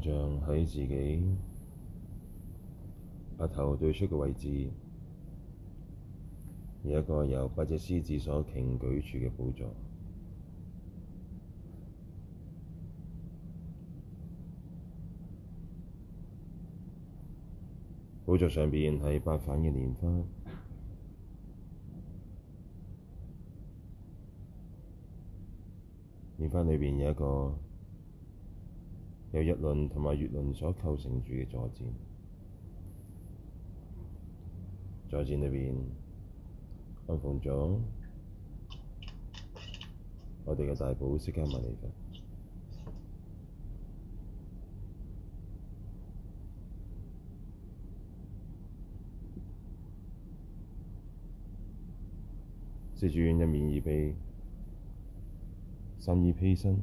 像喺自己額頭對出嘅位置，有一個由八隻獅子所擎舉住嘅寶座。寶座上邊係八瓣嘅蓮花，蓮花裏邊有一個，由日輪同埋月輪所構成住嘅座墊，座墊裏邊安放咗我哋嘅大寶釋迦牟尼佛，是住一面二臂，身衣披身。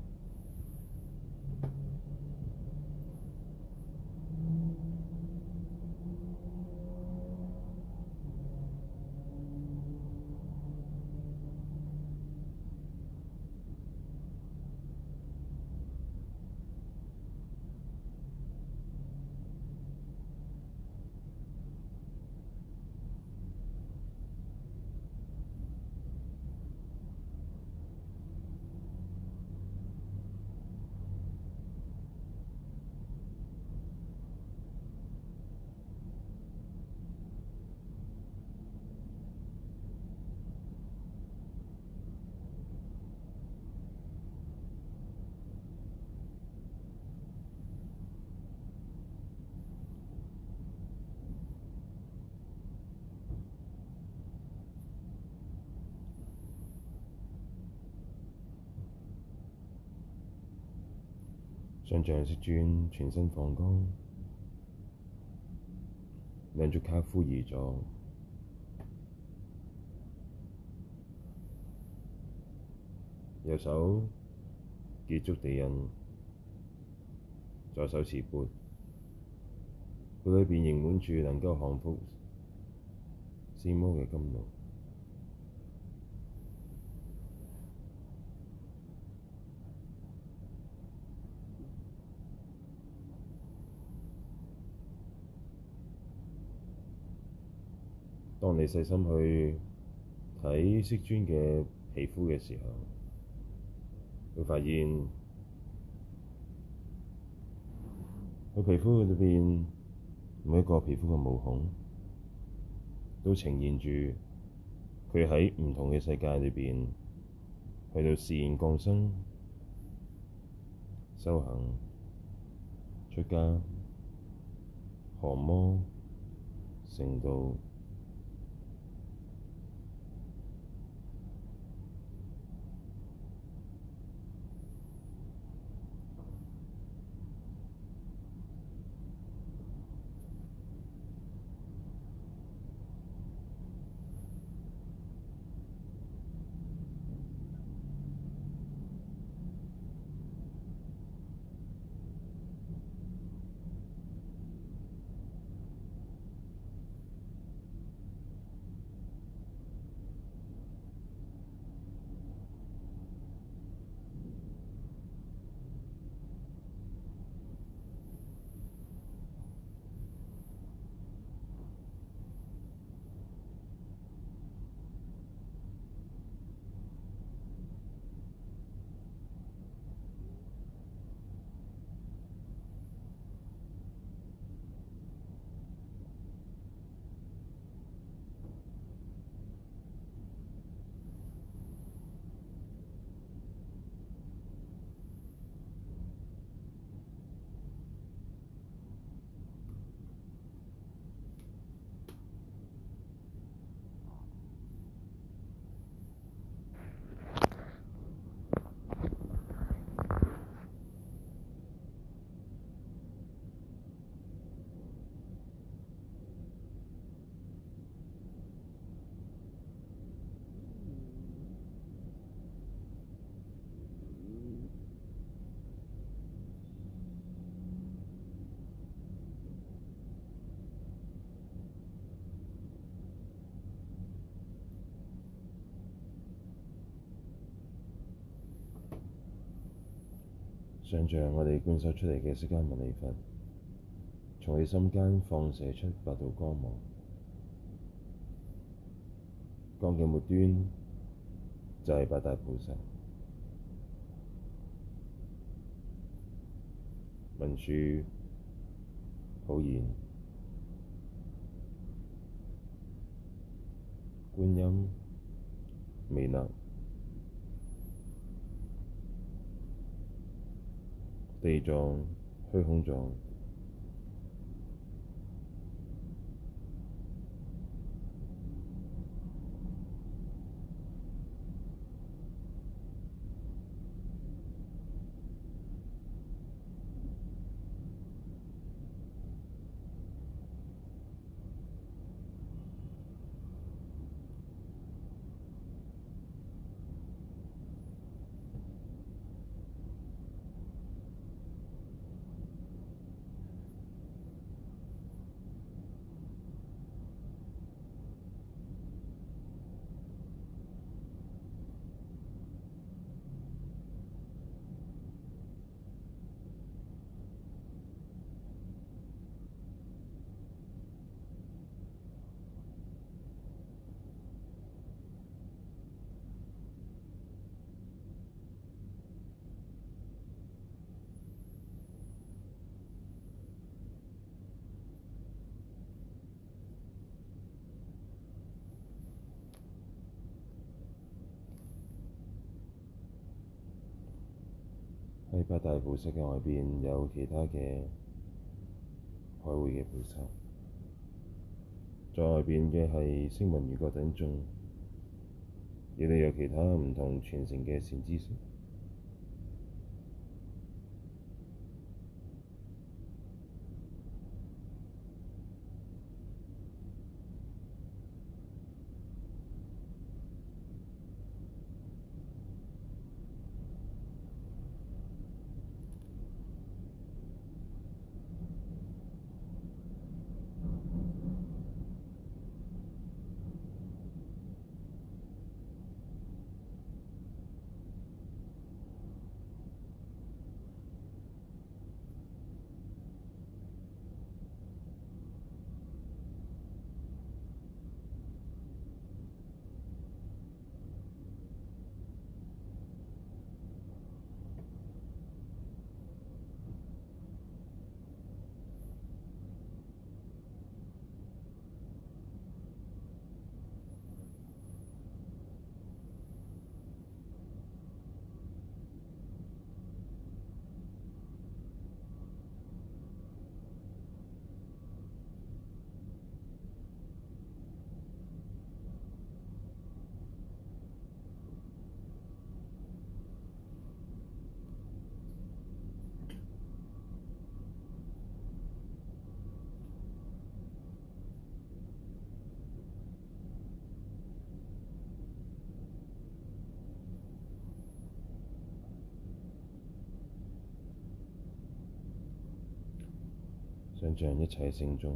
像色鑽，全身放光，兩隻跏趺而坐，右手結觸地印，左手持鉢，鉢裏邊盈滿住能夠降服四魔嘅甘露。當你細心去睇釋尊嘅皮膚嘅時候，會發現佢皮膚裏邊每一個皮膚嘅毛孔都呈現住佢喺唔同嘅世界裏邊去到示現降生、修行、出家、降魔、成道。想象我哋觀修出嚟嘅釋迦牟尼佛，從你心間放射出八道光芒，光嘅末端就係八大菩薩：文殊、普賢、觀音、彌勒、地藏、虛空藏。外邊有其他嘅開會嘅配餐，再外邊嘅係聲聞緣覺等眾，亦都有其他唔同傳承嘅善知識。想象一切聖眾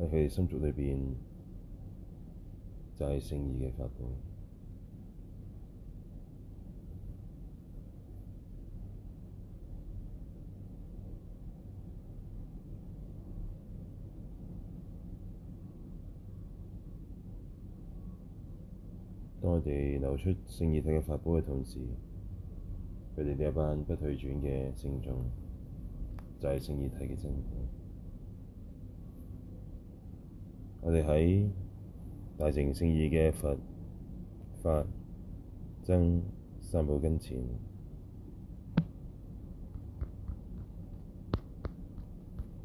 喺佢哋心中裏邊，就係聖意嘅法寶。我哋流出聖義體嘅法寶嘅同時，佢哋有一班不退轉嘅聖眾，就係、是、聖義體嘅聖眾。我哋喺大乘聖義嘅佛法僧三寶跟前，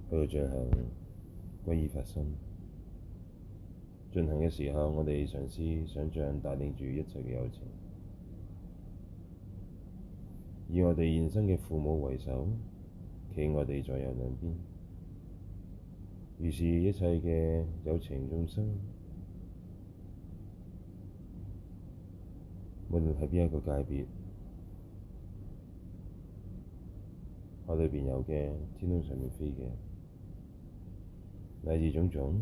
去進行皈依法身。進行嘅時候，我哋嘗試想像帶領住一切嘅有情，以我哋現身嘅父母為首，企我哋左右兩邊，如是，一切嘅有情眾生，無論喺邊一個界別，海裏邊遊嘅，天空上面飛嘅，乃至種種。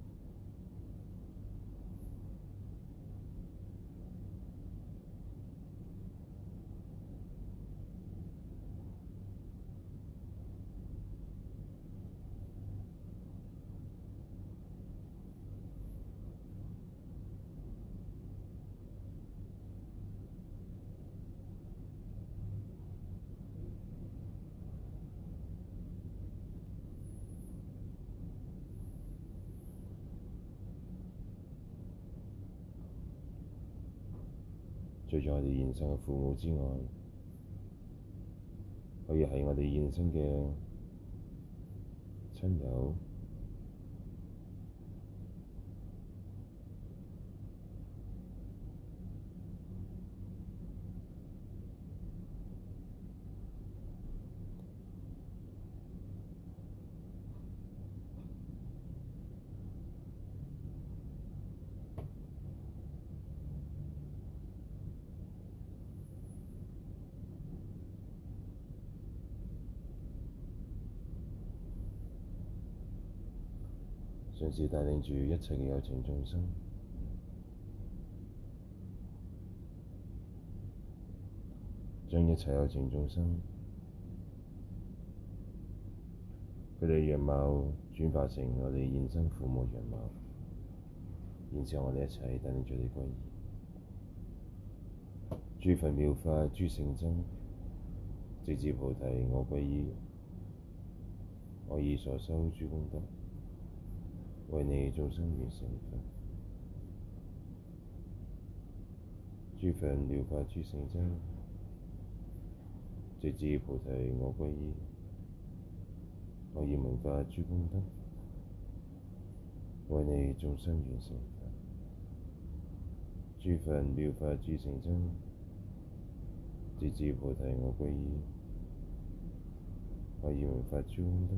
除咗我哋現世嘅父母之外，可以係我哋現身嘅親友。同時帶領住一切嘅有情眾生，將一切有情眾生，佢哋嘅樣貌轉化成我哋現生父母樣貌，現上我哋一齊帶領住你歸依，諸佛妙法諸聖僧，直至菩提我歸依，我以所修諸功德。為你眾生緣成佛，諸佛妙法諸聖僧，直至菩提我歸依，我以聞法諸功德，為你眾生緣成佛，諸佛妙法諸聖僧，直至菩提我歸依，我以聞法諸功德。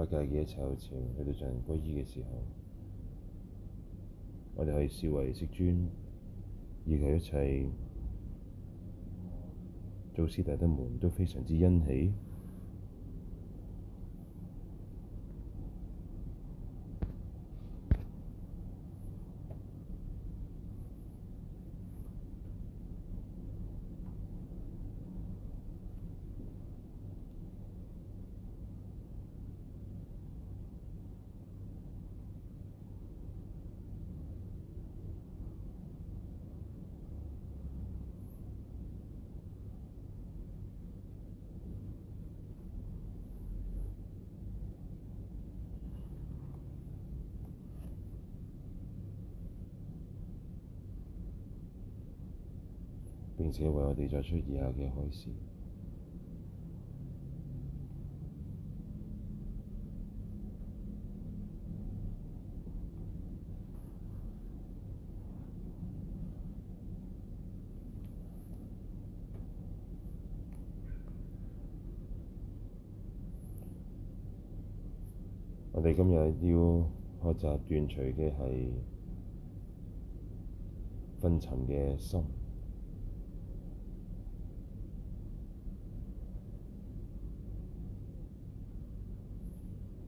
法界嘅一切好似去到進行皈依嘅時候，我哋可以視為釋尊，以及一切祖師大德們都非常之欣喜。我哋我哋今日要學習斷除嘅係昏沈嘅心。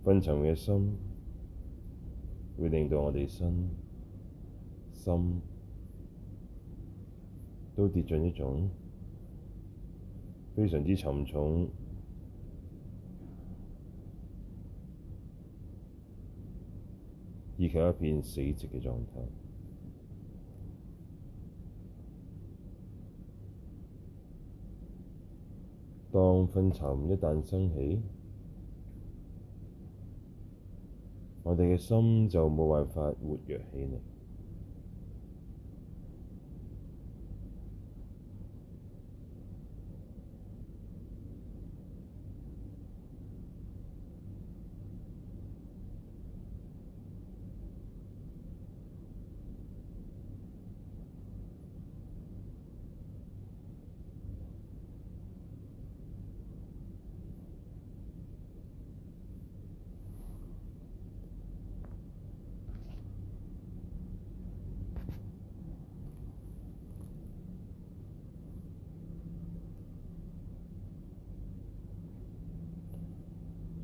昏沉嘅心，會令到我哋身、心都跌進一種非常之沉重，以及一片死寂嘅狀態。當昏沉一旦生起，我哋嘅心就冇辦法活躍起嚟。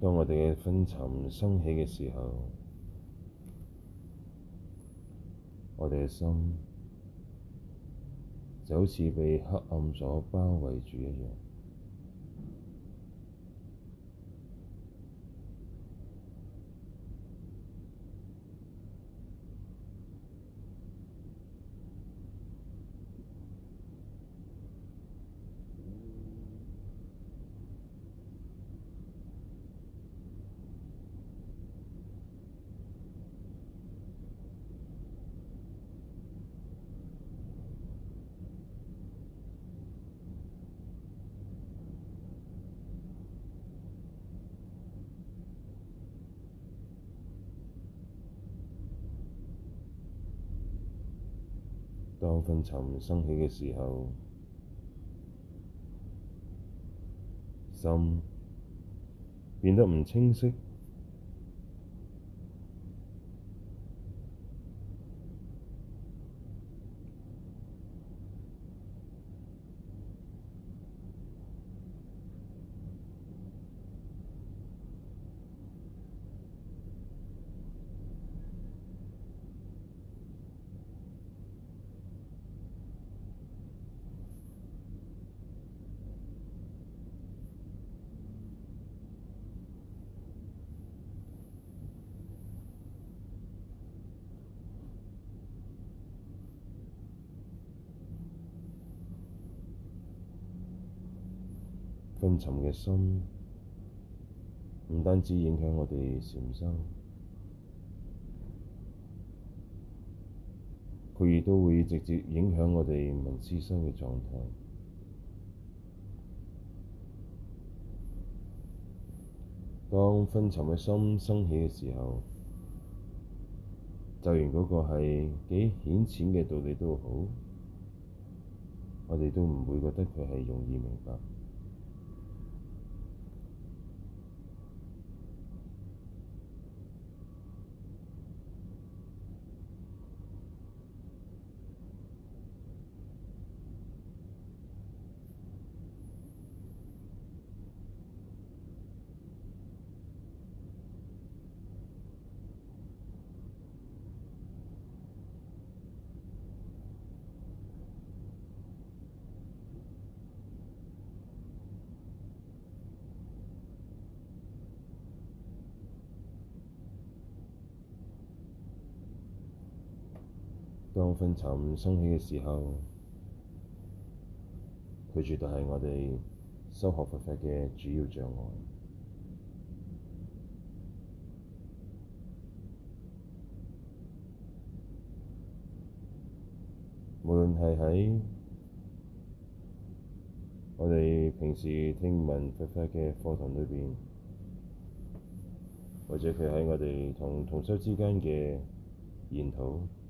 當我哋嘅昏沉升起嘅時候，我哋嘅心就好似被黑暗所包圍住一樣。昏沈升起嘅時候，心變得唔清晰。昏沉嘅心，唔單止影響我哋禪修，佢亦都會直接影響我哋聞思修嘅狀態。當昏沉嘅心升起嘅時候，就連嗰個係幾顯淺嘅道理都好，我哋都唔會覺得佢係容易明白。當昏沈升起嘅時候，佢絕對係我哋修學佛法嘅主要障礙。無論係喺我哋平時聽聞佛法嘅課堂裏邊，或者佢喺我哋同同修之間嘅研討。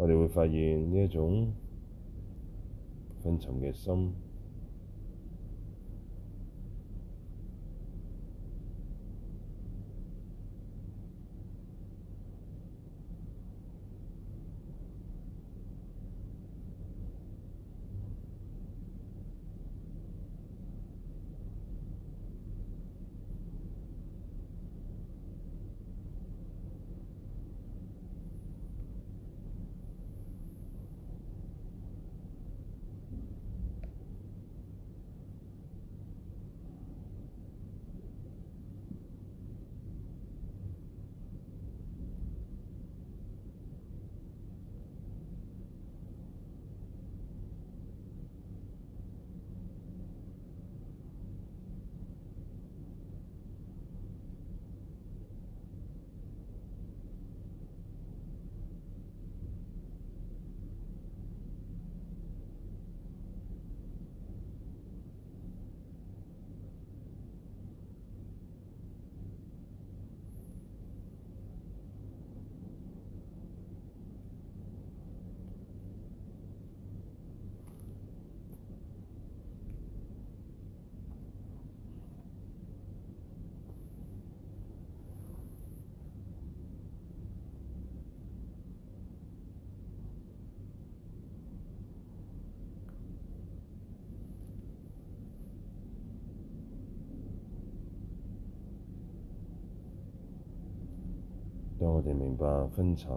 我哋會發現呢一種昏沈嘅心。當我哋明白昏沈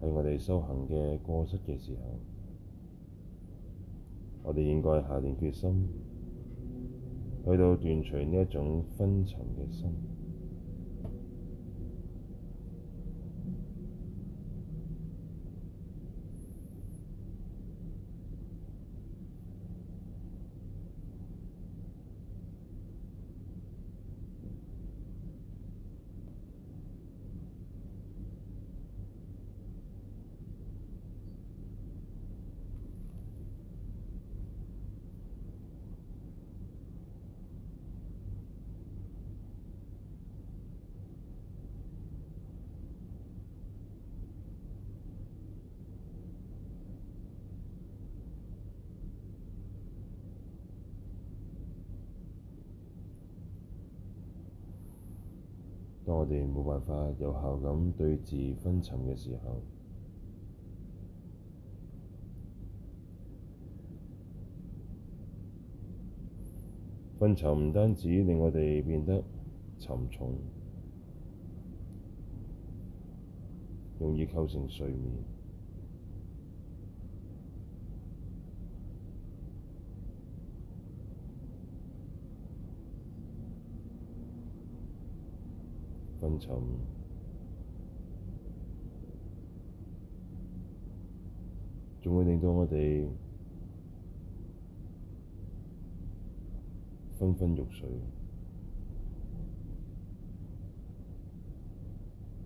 係我哋修行嘅過失嘅時候，我哋應該下定決心，去到斷除呢一種昏沈嘅心。冇辦法有效咁對治昏沉嘅時候，昏沉唔單止令我哋變得沉重，容易構成睡眠。仲會令到我哋昏昏欲睡，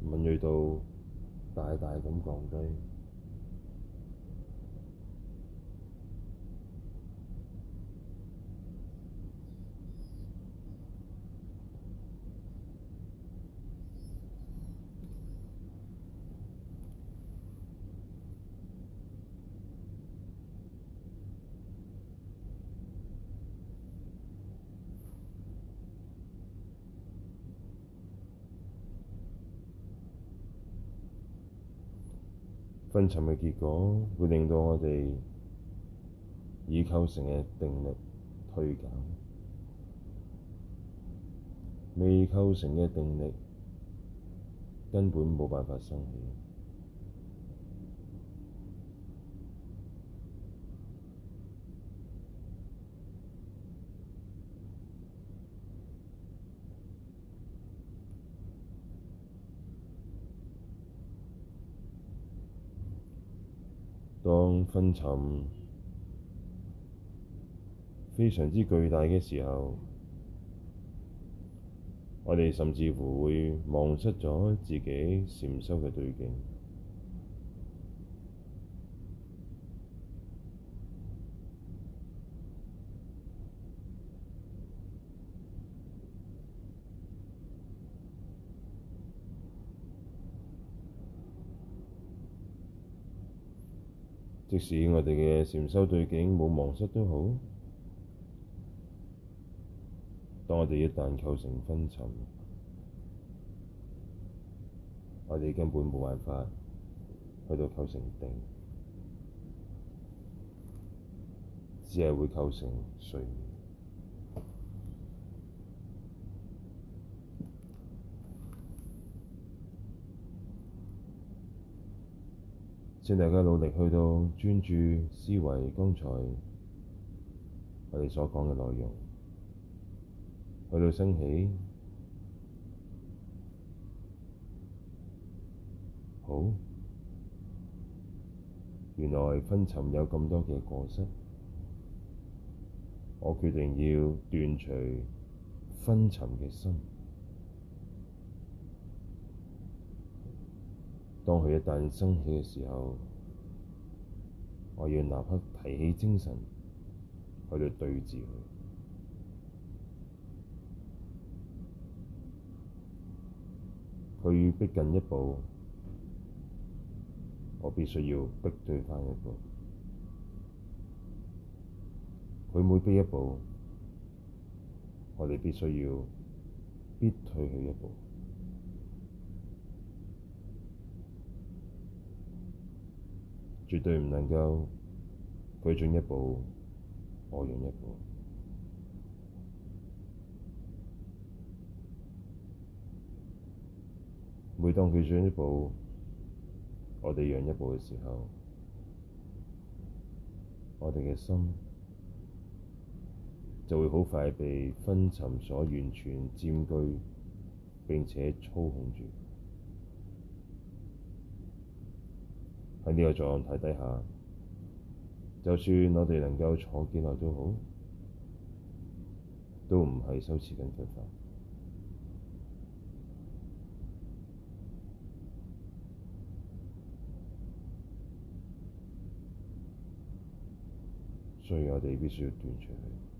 敏鋭度大大咁降低。沈嘅結果會令到我哋已構成嘅定力退減，未構成嘅定力根本冇辦法生起。當昏沉非常之巨大嘅時候，我哋甚至乎會忘失咗自己禪修嘅對境。即使我哋嘅禪修對境冇忘失都好，當我哋一旦構成昏沈，我哋根本冇辦法去到構成定，只係會構成睡眠。請大家努力去到專注思維，剛才我哋所講嘅內容，去到升起。好。原來昏沈有咁多嘅過失，我決定要斷除昏沈嘅心。當佢一旦生起嘅時候，我要立刻提起精神去對對峙佢。佢要逼近一步，我必須要逼退返一步。佢每逼一步，我哋必須要逼退佢一步。絕對唔能夠佢進一步，我讓一步。每當佢進一步，我哋讓一步嘅時候，我哋嘅心就會好快被昏沈所完全佔據，並且操控住。喺呢個狀態底下，就算我哋能夠坐幾耐都好，都唔係羞斂緊氣息，所以我哋必須要斷除去。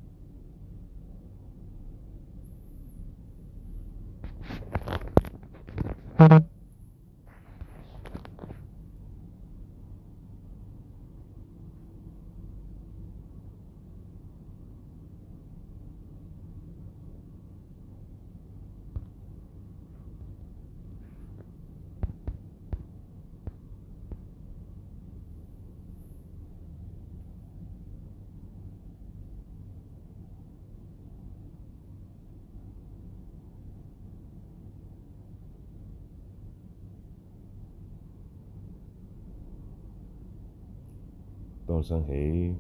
生起，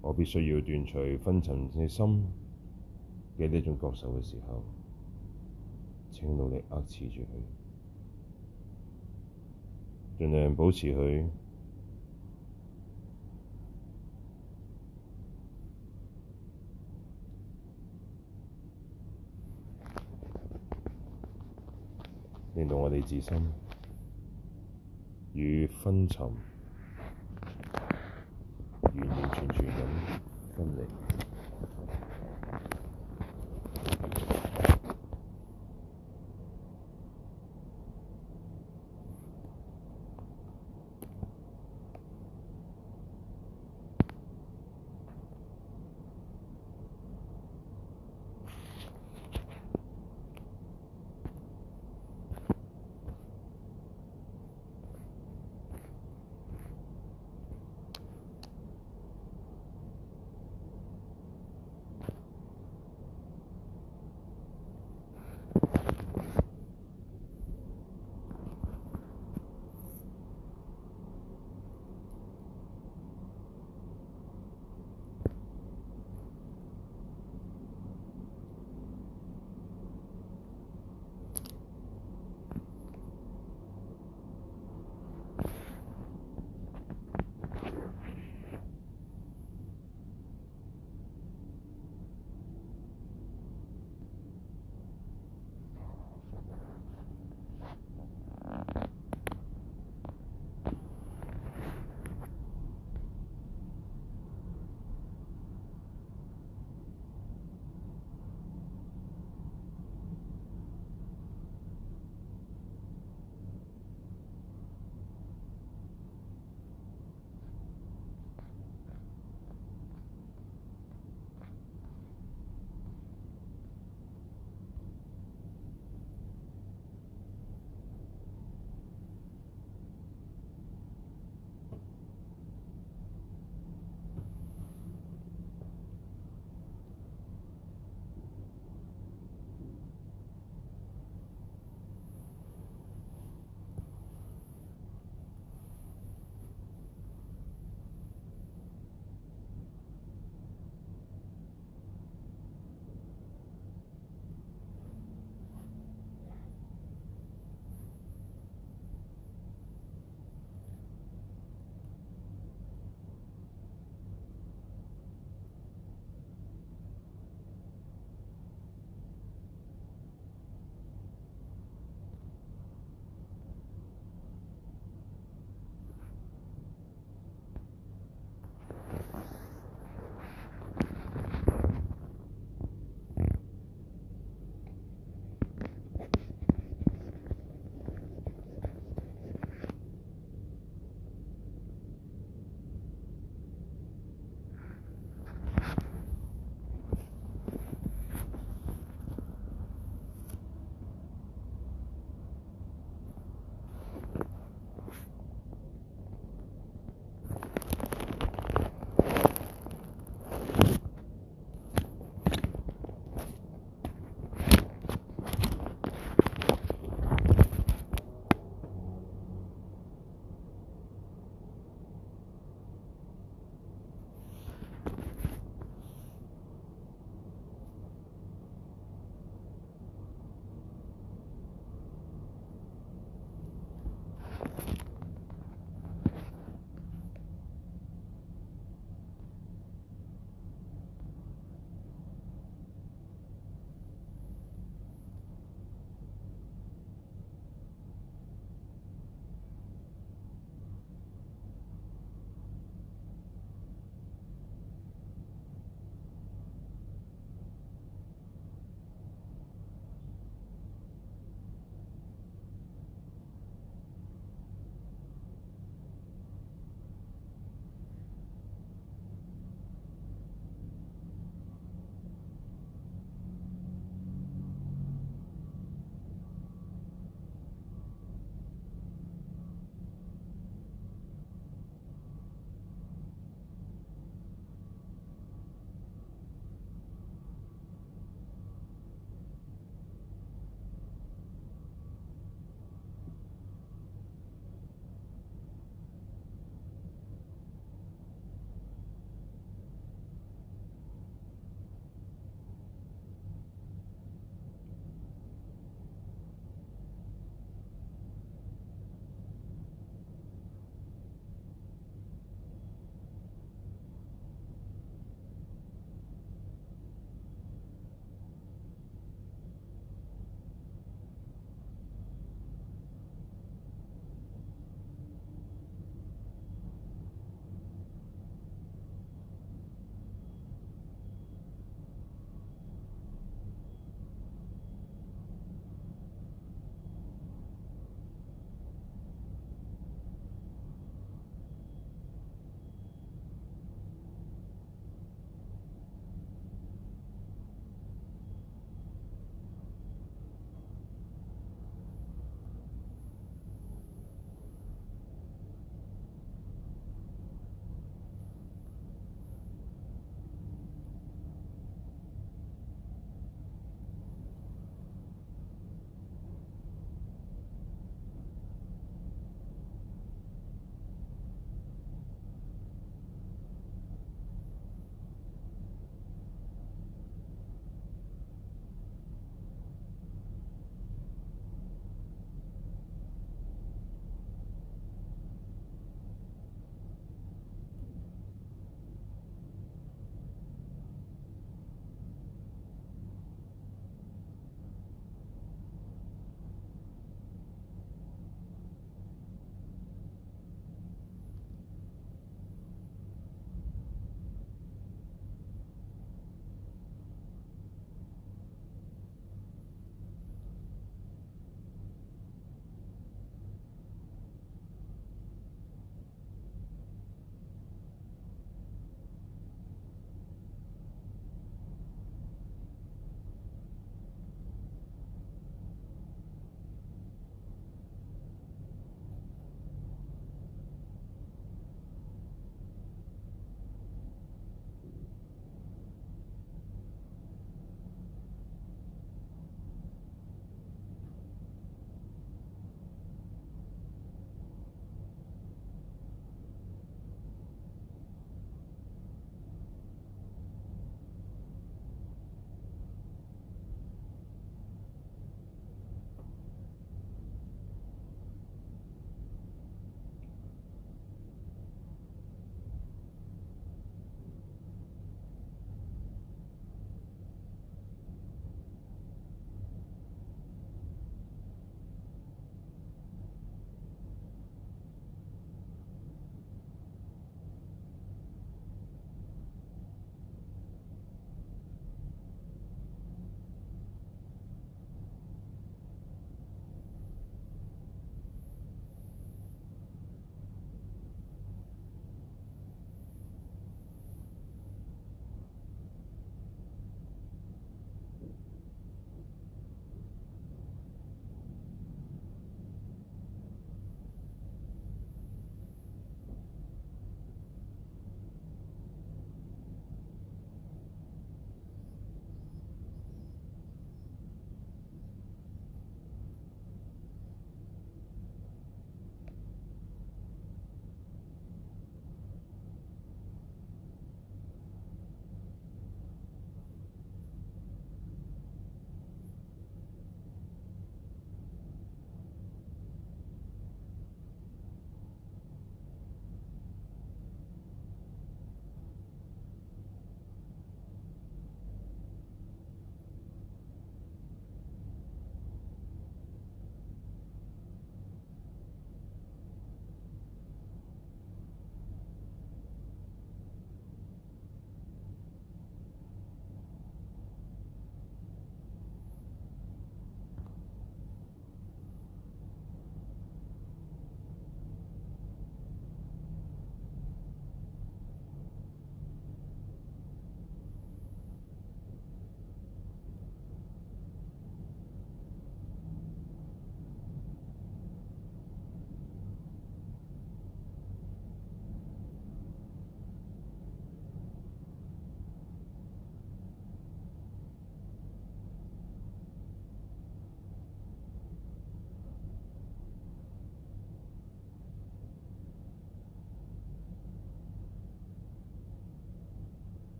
我必須要斷除昏沈嘅心嘅呢種角色嘅時候，請努力扼持住佢，盡量保持佢，令到我哋自身與昏沈，完完全全咁分離。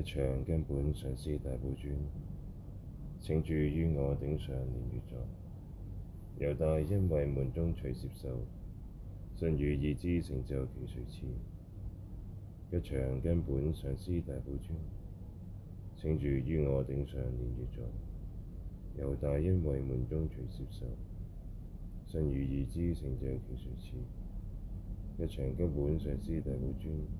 一場根本上師大寶尊，請住於我頂上蓮月座。由大恩惠門中取接受，信如已知成就其隨次。一場根本上師大寶尊，請住於我頂上蓮月座。由大恩惠門中取接受，信如已知成就其隨次。一場根本上師大寶尊。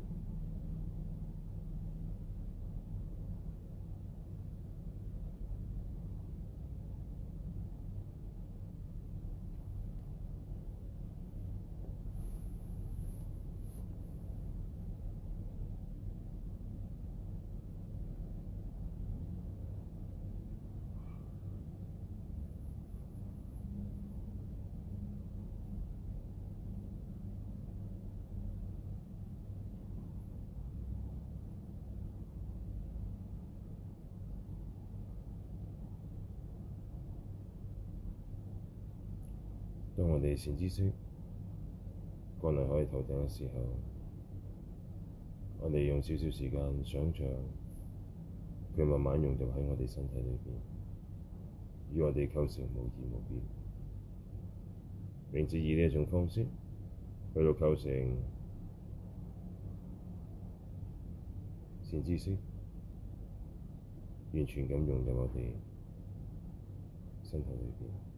我哋善知識降臨喺我哋頭頂嘅時候，我哋用少少時間想像佢慢慢融入喺我哋身體裏邊，與我哋構成無二無別，並且以呢一種方式去到構成善知識，完全咁融入我哋身體裏邊。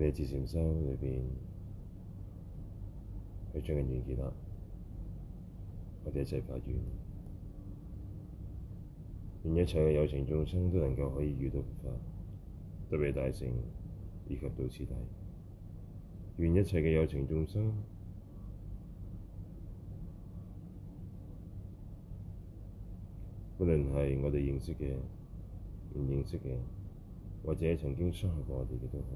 你自禪修裡面》裏邊，去將近完結啦。我哋一齊發願，願一切嘅有情眾生都能夠可以遇到佛法，得未大乘以及道次第，願一切嘅有情眾生，不論係我哋認識嘅、唔認識嘅，或者曾經傷害過我哋嘅都好。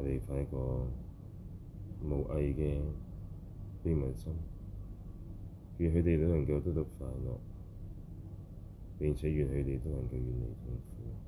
我哋發一個無畏嘅悲憫心，願佢哋都能夠得到快樂，並且願佢哋都能夠遠離痛苦。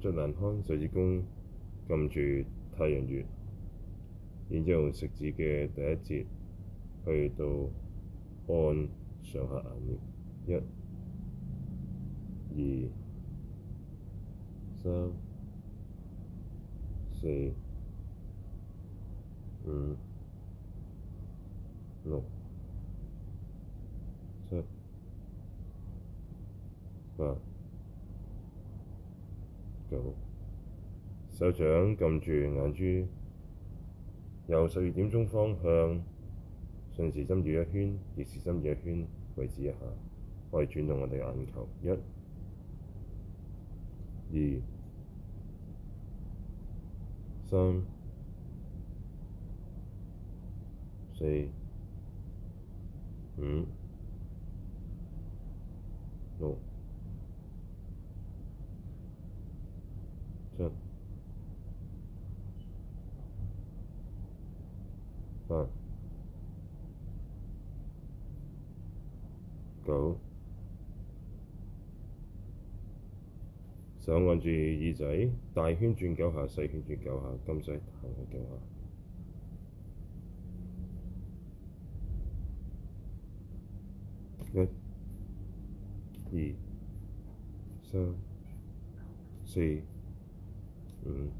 足能康，十字弓撳住太陽穴，然之後食指嘅第一節去到按上下牙面，一、二、三、四、五、六、七、八。手掌撳住眼珠，由十二點鐘方向順時針繞一圈，逆時針繞一圈，位置一下，可以轉動我哋眼球。一、二、三、四、五、六。九，8, 9，手按住耳仔，大圈轉九下，細圈轉九下，咁細行去九下。一、二、三、四、五。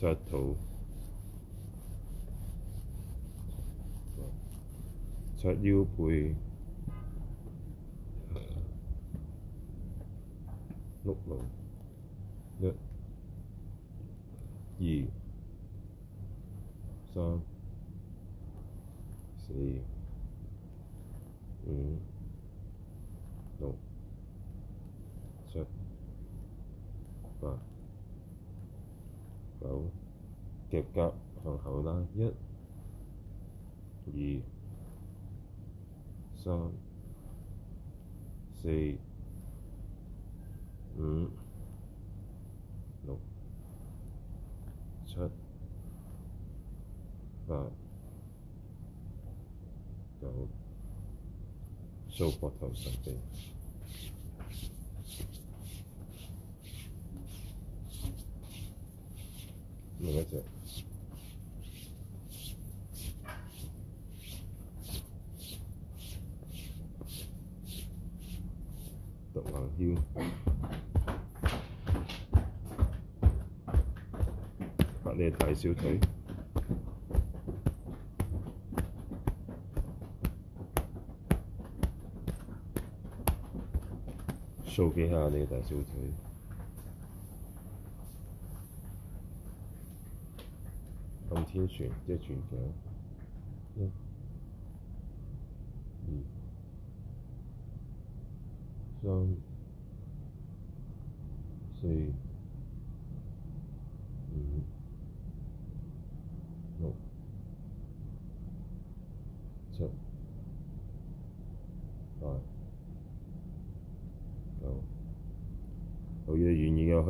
擦肚、擦腰背、碌路，一、二、三、四、五、六、七、八。嘅夾向後拉，一、二、三、四、五、六、七、八、九，數膊頭上邊，另一隻。大小腿，數幾下你嘅大小腿。撳 天船，即係全景。一、yeah. mm. so、